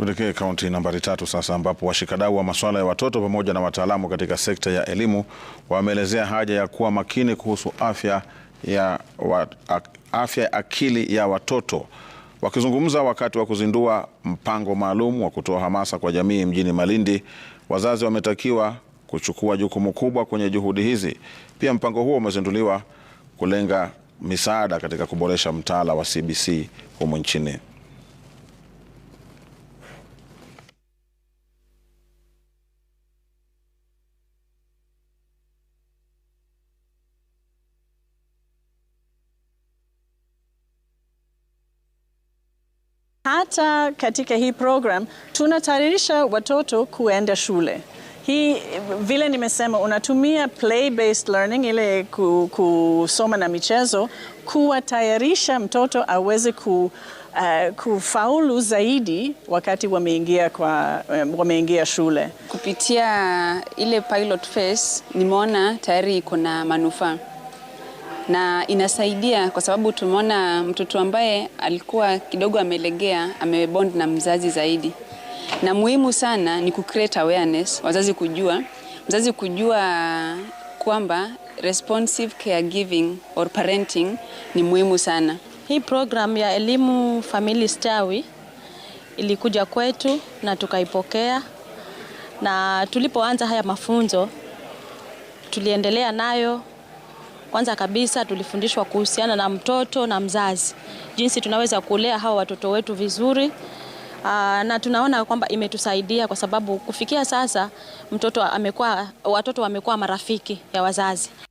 Tuelekee kaunti nambari tatu sasa ambapo washikadau wa masuala ya watoto pamoja na wataalamu katika sekta ya elimu wameelezea haja ya kuwa makini kuhusu afya ya, wa, afya ya akili ya watoto. Wakizungumza wakati wa kuzindua mpango maalum wa kutoa hamasa kwa jamii mjini Malindi, wazazi wametakiwa kuchukua jukumu kubwa kwenye juhudi hizi. Pia mpango huo umezinduliwa kulenga misaada katika kuboresha mtaala wa CBC humu nchini. Hata katika hii program tunatayarisha watoto kuenda shule. Hii vile nimesema, unatumia play based learning, ile kusoma na michezo, kuwatayarisha mtoto aweze ku, uh, kufaulu zaidi wakati wameingia kwa um, wameingia shule. Kupitia ile pilot phase nimeona tayari iko na manufaa na inasaidia kwa sababu tumeona mtoto ambaye alikuwa kidogo amelegea amebond na mzazi zaidi. Na muhimu sana ni ku create awareness, wazazi kujua, mzazi kujua kwamba responsive caregiving or parenting ni muhimu sana. Hii program ya elimu Famili Stawi ilikuja kwetu na tukaipokea, na tulipoanza haya mafunzo tuliendelea nayo kwanza kabisa tulifundishwa kuhusiana na mtoto na mzazi, jinsi tunaweza kulea hawa watoto wetu vizuri. Aa, ah, na tunaona kwamba imetusaidia kwa sababu kufikia sasa mtoto amekuwa, watoto wamekuwa marafiki ya wazazi.